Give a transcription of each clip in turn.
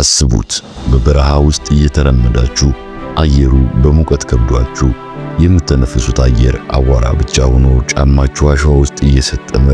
አስቡት በበረሃ ውስጥ እየተራመዳችሁ አየሩ በሙቀት ከብዷችሁ የምትነፍሱት አየር አቧራ ብቻ ሆኖ ጫማችሁ አሸዋ ውስጥ እየሰጠመ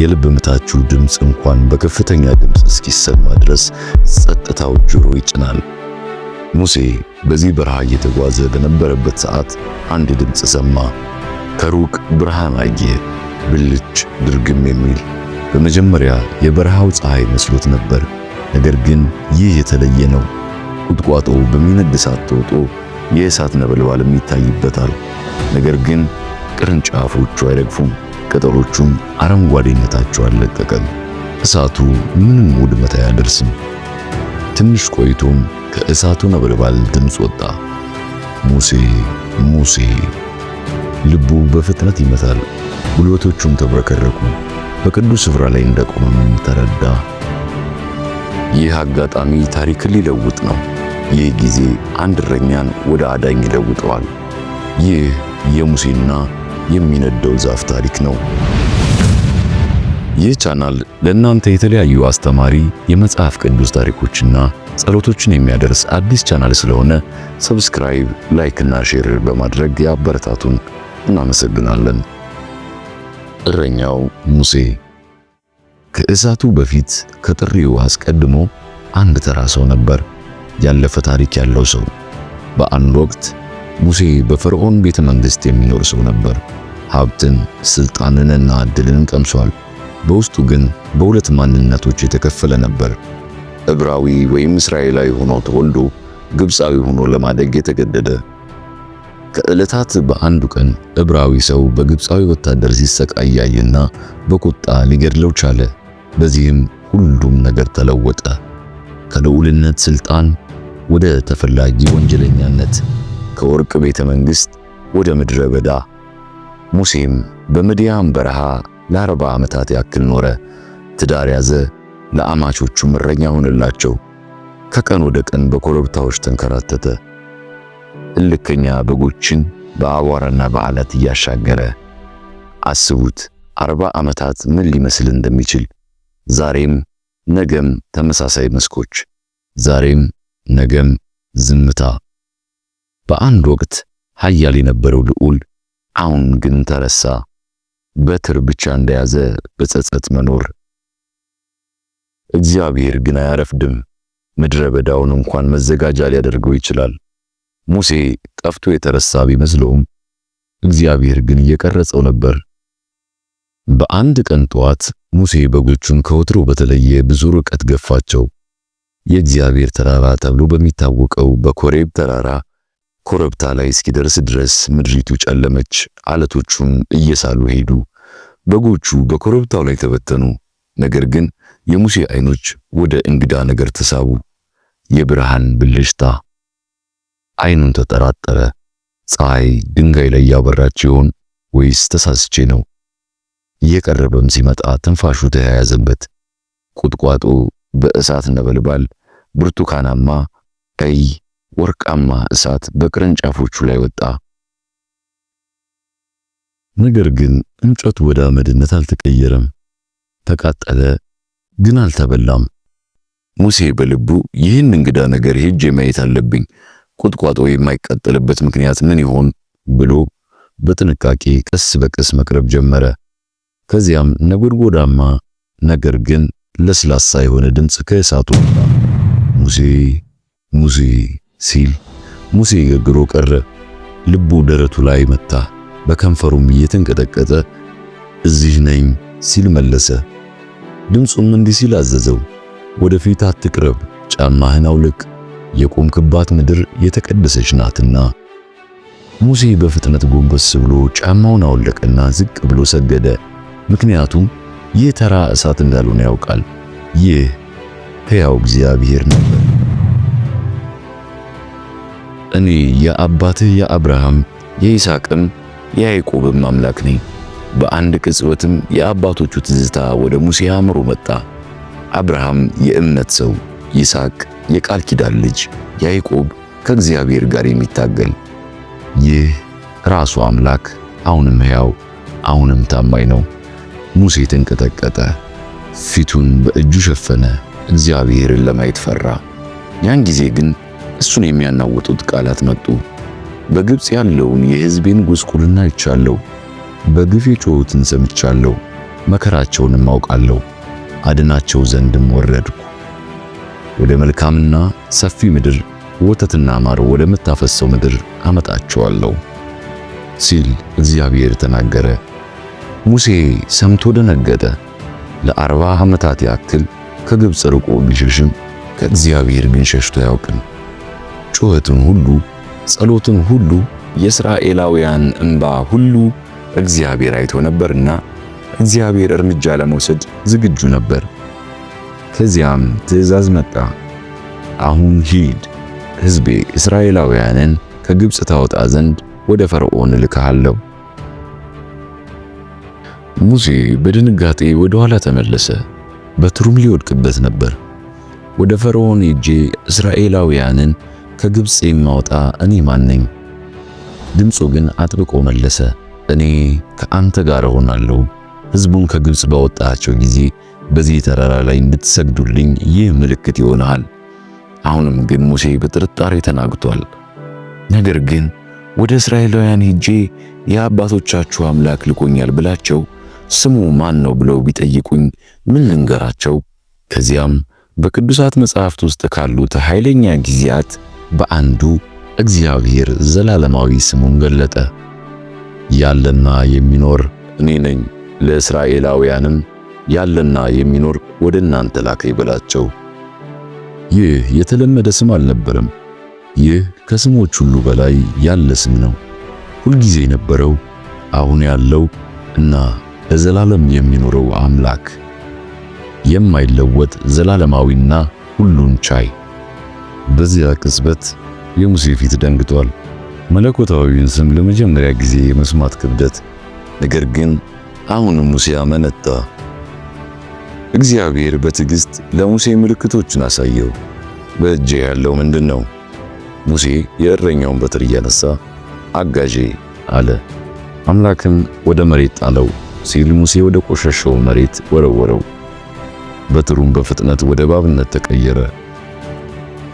የልብ ምታችሁ ድምፅ እንኳን በከፍተኛ ድምፅ እስኪሰማ ድረስ ጸጥታው ጆሮ ይጭናል። ሙሴ በዚህ በረሃ እየተጓዘ በነበረበት ሰዓት አንድ ድምፅ ሰማ። ከሩቅ ብርሃን አየ፣ ብልጭ ድርግም የሚል በመጀመሪያ የበረሃው ፀሐይ መስሎት ነበር። ነገር ግን ይህ የተለየ ነው። ቁጥቋጦው በሚነድ እሳት ተውጦ የእሳት ነበልባልም ይታይበታል። ነገር ግን ቅርንጫፎቹ አይረግፉም፣ ቅጠሎቹም አረንጓዴነታቸው አልለቀቀም። እሳቱ ምንም ውድመት አያደርስም። ትንሽ ቆይቶም ከእሳቱ ነበልባል ድምፅ ወጣ። ሙሴ ሙሴ! ልቡ በፍጥነት ይመታል፣ ጉልበቶቹም ተብረከረኩ። በቅዱስ ስፍራ ላይ እንደቆመም ተረዳ። ይህ አጋጣሚ ታሪክን ሊለውጥ ነው። ይህ ጊዜ አንድ እረኛን ወደ አዳኝ ይለውጠዋል። ይህ የሙሴና የሚነደው ዛፍ ታሪክ ነው። ይህ ቻናል ለእናንተ የተለያዩ አስተማሪ የመጽሐፍ ቅዱስ ታሪኮችና ጸሎቶችን የሚያደርስ አዲስ ቻናል ስለሆነ ሰብስክራይብ፣ ላይክ እና ሼር በማድረግ የአበረታቱን። እናመሰግናለን። እረኛው ሙሴ ከእሳቱ በፊት ከጥሪው አስቀድሞ አንድ ተራ ሰው ነበር፣ ያለፈ ታሪክ ያለው ሰው። በአንድ ወቅት ሙሴ በፈርዖን ቤተ መንግሥት የሚኖር ሰው ነበር። ሀብትን፣ ስልጣንንና ዕድልን ቀምሷል። በውስጡ ግን በሁለት ማንነቶች የተከፈለ ነበር። ዕብራዊ ወይም እስራኤላዊ ሆኖ ተወልዶ ግብፃዊ ሆኖ ለማደግ የተገደደ። ከዕለታት በአንዱ ቀን ዕብራዊ ሰው በግብፃዊ ወታደር ሲሰቃያይና በቁጣ ሊገድለው ቻለ። በዚህም ሁሉም ነገር ተለወጠ። ከልዑልነት ስልጣን ወደ ተፈላጊ ወንጀለኛነት፣ ከወርቅ ቤተ መንግሥት ወደ ምድረ በዳ። ሙሴም በምድያም በረሃ ለአርባ ዓመታት ያክል ኖረ። ትዳር ያዘ፣ ለአማቾቹ እረኛ ሆነላቸው። ከቀን ወደ ቀን በኮረብታዎች ተንከራተተ፣ እልከኛ በጎችን በአቧራና በዓለት እያሻገረ። አስቡት አርባ ዓመታት ምን ሊመስል እንደሚችል። ዛሬም ነገም ተመሳሳይ መስኮች፣ ዛሬም ነገም ዝምታ። በአንድ ወቅት ኃያል የነበረው ልዑል አሁን ግን ተረሳ። በትር ብቻ እንደያዘ በጸጸት መኖር። እግዚአብሔር ግን አያረፍድም። ምድረ በዳውን እንኳን መዘጋጃ ሊያደርገው ይችላል። ሙሴ ጠፍቶ የተረሳ ቢመስለውም እግዚአብሔር ግን እየቀረጸው ነበር። በአንድ ቀን ጠዋት ሙሴ በጎቹን ከወትሮ በተለየ ብዙ ርቀት ገፋቸው። የእግዚአብሔር ተራራ ተብሎ በሚታወቀው በኮሬብ ተራራ ኮረብታ ላይ እስኪደርስ ድረስ ምድሪቱ ጨለመች። አለቶቹን እየሳሉ ሄዱ። በጎቹ በኮረብታው ላይ ተበተኑ። ነገር ግን የሙሴ አይኖች ወደ እንግዳ ነገር ተሳቡ። የብርሃን ብልሽታ። አይኑን ተጠራጠረ። ፀሐይ ድንጋይ ላይ ያበራች ይሆን ወይስ ተሳስቼ ነው? እየቀረበም ሲመጣ ትንፋሹ ተያያዘበት። ቁጥቋጦ በእሳት ነበልባል ብርቱካናማ፣ ቀይ፣ ወርቃማ እሳት በቅርንጫፎቹ ላይ ወጣ። ነገር ግን እንጨቱ ወደ አመድነት አልተቀየረም። ተቃጠለ፣ ግን አልተበላም። ሙሴ በልቡ ይህን እንግዳ ነገር ሄጄ ማየት አለብኝ፣ ቁጥቋጦ የማይቃጠልበት ምክንያት ምን ይሆን ብሎ በጥንቃቄ ቀስ በቀስ መቅረብ ጀመረ። ከዚያም ነጎድጎዳማ ነገር ግን ለስላሳ የሆነ ድምፅ ከእሳቱ ወጣ። ሙሴ ሙሴ ሲል ሙሴ ገግሮ ቀረ። ልቡ ደረቱ ላይ መታ፣ በከንፈሩም እየተንቀጠቀጠ እዚህ ነኝ ሲል መለሰ። ድምፁም እንዲህ ሲል አዘዘው፣ ወደፊት አትቅረብ፣ ጫማህን አውልቅ፣ የቆምክባት ምድር የተቀደሰች ናትና። ሙሴ በፍጥነት ጎንበስ ብሎ ጫማውን አወለቀና ዝቅ ብሎ ሰገደ። ምክንያቱም ይህ ተራ እሳት እንዳልሆነ ያውቃል። ይህ ሕያው እግዚአብሔር ነበር። እኔ የአባትህ የአብርሃም የይስሐቅም የያዕቆብም አምላክ ነኝ። በአንድ ቅጽበትም የአባቶቹ ትዝታ ወደ ሙሴ አእምሮ መጣ። አብርሃም የእምነት ሰው፣ ይስሐቅ የቃል ኪዳን ልጅ፣ ያዕቆብ ከእግዚአብሔር ጋር የሚታገል ይህ ራሱ አምላክ አሁንም ሕያው አሁንም ታማኝ ነው። ሙሴ ተንቀጠቀጠ፣ ፊቱን በእጁ ሸፈነ፣ እግዚአብሔርን ለማየት ፈራ። ያን ጊዜ ግን እሱን የሚያናውጡት ቃላት መጡ። በግብፅ ያለውን የሕዝቤን ጉስቁልና አይቻለሁ፣ በግፍ የጮኹትን ሰምቻለሁ፣ መከራቸውንም አውቃለሁ፣ አድናቸው ዘንድም ወረድኩ ወደ መልካምና ሰፊ ምድር ወተትና ማር ወደምታፈሰው ምድር አመጣቸዋለሁ ሲል እግዚአብሔር ተናገረ። ሙሴ ሰምቶ ደነገጠ። ለአርባ ዓመታት ያክል ከግብፅ ርቆ ቢሸሽም ከእግዚአብሔር ግን ሸሽቶ አያውቅም። ጩኸትን ሁሉ፣ ጸሎትን ሁሉ፣ የእስራኤላውያን እንባ ሁሉ እግዚአብሔር አይቶ ነበርና እግዚአብሔር እርምጃ ለመውሰድ ዝግጁ ነበር። ከዚያም ትእዛዝ መጣ። አሁን ሂድ፣ ሕዝቤ እስራኤላውያንን ከግብፅ ታወጣ ዘንድ ወደ ፈርዖን እልክሃለሁ ሙሴ በድንጋጤ ወደ ኋላ ተመለሰ። በትሩም ሊወድቅበት ነበር። ወደ ፈርዖን ሄጄ እስራኤላውያንን ከግብፅ የማውጣ እኔ ማን ነኝ? ድምፁ ግን አጥብቆ መለሰ፣ እኔ ከአንተ ጋር እሆናለሁ። ሕዝቡን ከግብፅ ባወጣቸው ጊዜ በዚህ ተራራ ላይ እንድትሰግዱልኝ ይህ ምልክት ይሆናል። አሁንም ግን ሙሴ በጥርጣሬ ተናግቷል። ነገር ግን ወደ እስራኤላውያን ሄጄ የአባቶቻችሁ አምላክ ልኮኛል ብላቸው ስሙ ማን ነው ብለው ቢጠይቁኝ ምን ልንገራቸው? ከዚያም በቅዱሳት መጻሕፍት ውስጥ ካሉት ኃይለኛ ጊዜያት በአንዱ እግዚአብሔር ዘላለማዊ ስሙን ገለጠ። ያለና የሚኖር እኔ ነኝ፣ ለእስራኤላውያንም ያለና የሚኖር ወደ እናንተ ላከኝ በላቸው። ይህ የተለመደ ስም አልነበረም። ይህ ከስሞች ሁሉ በላይ ያለ ስም ነው። ሁልጊዜ የነበረው አሁን ያለው እና ለዘላለም የሚኖረው አምላክ የማይለወጥ ዘላለማዊና ሁሉን ቻይ። በዚያ ቅጽበት የሙሴ ፊት ደንግጧል። መለኮታዊውን ስም ለመጀመሪያ ጊዜ የመስማት ክብደት። ነገር ግን አሁንም ሙሴ አመነታ። እግዚአብሔር በትዕግስት ለሙሴ ምልክቶችን አሳየው። በእጄ ያለው ምንድን ነው? ሙሴ የእረኛውን በትር እያነሳ አጋዤ አለ። አምላክም ወደ መሬት ጣለው። ሲል ሙሴ ወደ ቆሸሸው መሬት ወረወረው። በትሩም በፍጥነት ወደ እባብነት ተቀየረ።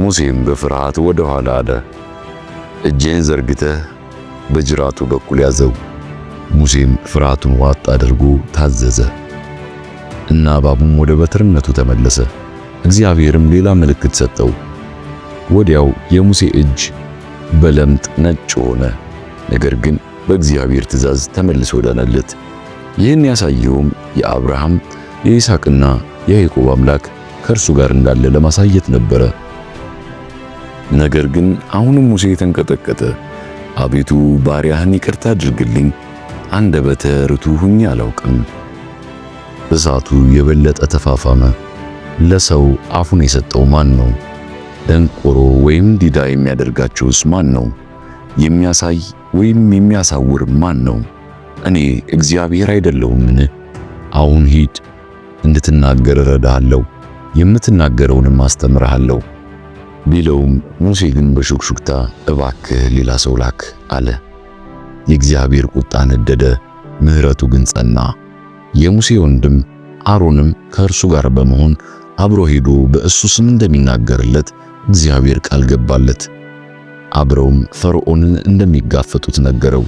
ሙሴም በፍርሃት ወደ ኋላ አለ። እጄን ዘርግተህ በጅራቱ በኩል ያዘው። ሙሴም ፍርሃቱን ዋጥ አድርጎ ታዘዘ እና እባቡም ወደ በትርነቱ ተመለሰ። እግዚአብሔርም ሌላ ምልክት ሰጠው። ወዲያው የሙሴ እጅ በለምጥ ነጭ ሆነ። ነገር ግን በእግዚአብሔር ትእዛዝ ተመልሶ ዳነለት። ይህን ያሳየውም የአብርሃም የይስሐቅና የያዕቆብ አምላክ ከእርሱ ጋር እንዳለ ለማሳየት ነበረ። ነገር ግን አሁንም ሙሴ ተንቀጠቀጠ። አቤቱ ባሪያህን ይቅርታ አድርግልኝ፣ አንደበተ ርቱዕ ሁኝ አላውቅም። እሳቱ የበለጠ ተፋፋመ። ለሰው አፉን የሰጠው ማን ነው? ደንቆሮ ወይም ዲዳ የሚያደርጋቸውስ ማን ነው? የሚያሳይ ወይም የሚያሳውር ማን ነው? እኔ እግዚአብሔር አይደለሁምን? አሁን ሂድ፣ እንድትናገር እረዳሃለሁ፣ የምትናገረውንም አስተምርሃለሁ ቢለውም ሙሴ ግን በሹክሹክታ እባክህ ሌላ ሰው ላክ አለ። የእግዚአብሔር ቁጣ ነደደ፣ ምሕረቱ ግን ጸና። የሙሴ ወንድም አሮንም ከእርሱ ጋር በመሆን አብሮ ሄዶ በእሱ ስም እንደሚናገርለት እግዚአብሔር ቃል ገባለት። አብረውም ፈርዖንን እንደሚጋፈጡት ነገረው።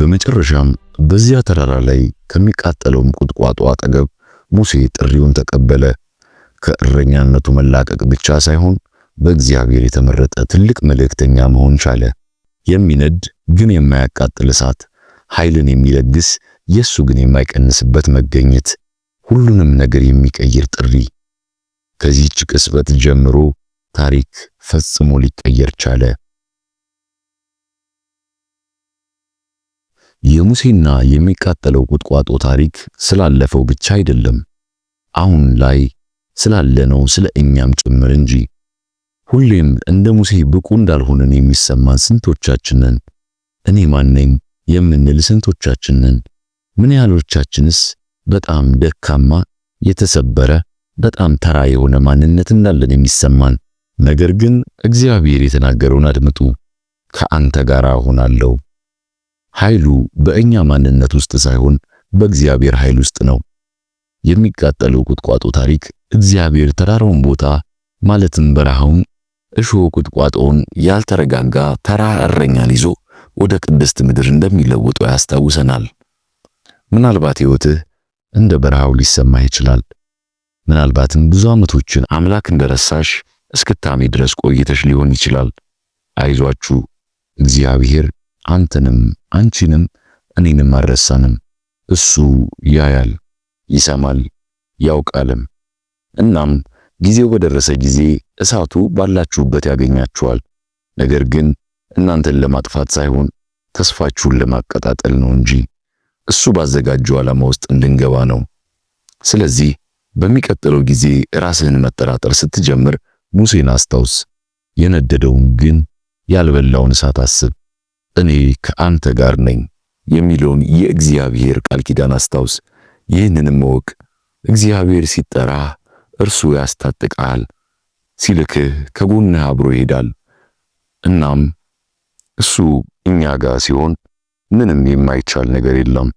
በመጨረሻም በዚያ ተራራ ላይ ከሚቃጠለውም ቁጥቋጦ አጠገብ ሙሴ ጥሪውን ተቀበለ። ከእረኛነቱ መላቀቅ ብቻ ሳይሆን በእግዚአብሔር የተመረጠ ትልቅ መልእክተኛ መሆን ቻለ። የሚነድ ግን የማያቃጥል እሳት፣ ኃይልን የሚለግስ የሱ ግን የማይቀንስበት መገኘት፣ ሁሉንም ነገር የሚቀይር ጥሪ። ከዚህች ቅጽበት ጀምሮ ታሪክ ፈጽሞ ሊቀየር ቻለ። የሙሴና የሚቃጠለው ቁጥቋጦ ታሪክ ስላለፈው ብቻ አይደለም፣ አሁን ላይ ስላለነው ስለ እኛም ጭምር እንጂ። ሁሌም እንደ ሙሴ ብቁ እንዳልሆነን የሚሰማን ስንቶቻችንን? እኔ ማነኝ የምንል ስንቶቻችንን? ምን ያህሎቻችንስ በጣም ደካማ፣ የተሰበረ፣ በጣም ተራ የሆነ ማንነት እንዳለን የሚሰማን። ነገር ግን እግዚአብሔር የተናገረውን አድምጡ። ከአንተ ጋር እሆናለሁ ኃይሉ በእኛ ማንነት ውስጥ ሳይሆን በእግዚአብሔር ኃይል ውስጥ ነው። የሚቃጠለው ቁጥቋጦ ታሪክ እግዚአብሔር ተራራውን ቦታ ማለትም በረሃውን እሾህ ቁጥቋጦውን ያልተረጋጋ ተራ እረኛን ይዞ ወደ ቅድስት ምድር እንደሚለውጦ ያስታውሰናል። ምናልባት ሕይወትህ እንደ በረሃው ሊሰማ ይችላል። ምናልባትም ብዙ ዓመቶችን አምላክ እንደረሳሽ እስክታሜ ድረስ ቆይተሽ ሊሆን ይችላል። አይዟችሁ እግዚአብሔር አንተንም አንቺንም እኔንም አልረሳንም። እሱ ያያል፣ ይሰማል፣ ያውቃልም። እናም ጊዜው በደረሰ ጊዜ እሳቱ ባላችሁበት ያገኛችኋል። ነገር ግን እናንተን ለማጥፋት ሳይሆን ተስፋችሁን ለማቀጣጠል ነው እንጂ እሱ ባዘጋጀው ዓላማ ውስጥ እንድንገባ ነው። ስለዚህ በሚቀጥለው ጊዜ ራስህን መጠራጠር ስትጀምር ሙሴን አስታውስ። የነደደውን ግን ያልበላውን እሳት አስብ። እኔ ከአንተ ጋር ነኝ የሚለውን የእግዚአብሔር ቃል ኪዳን አስታውስ። ይህንንም እወቅ፣ እግዚአብሔር ሲጠራ እርሱ ያስታጥቃል፣ ሲልክህ ከጎንህ አብሮ ይሄዳል። እናም እሱ እኛ ጋር ሲሆን ምንም የማይቻል ነገር የለም።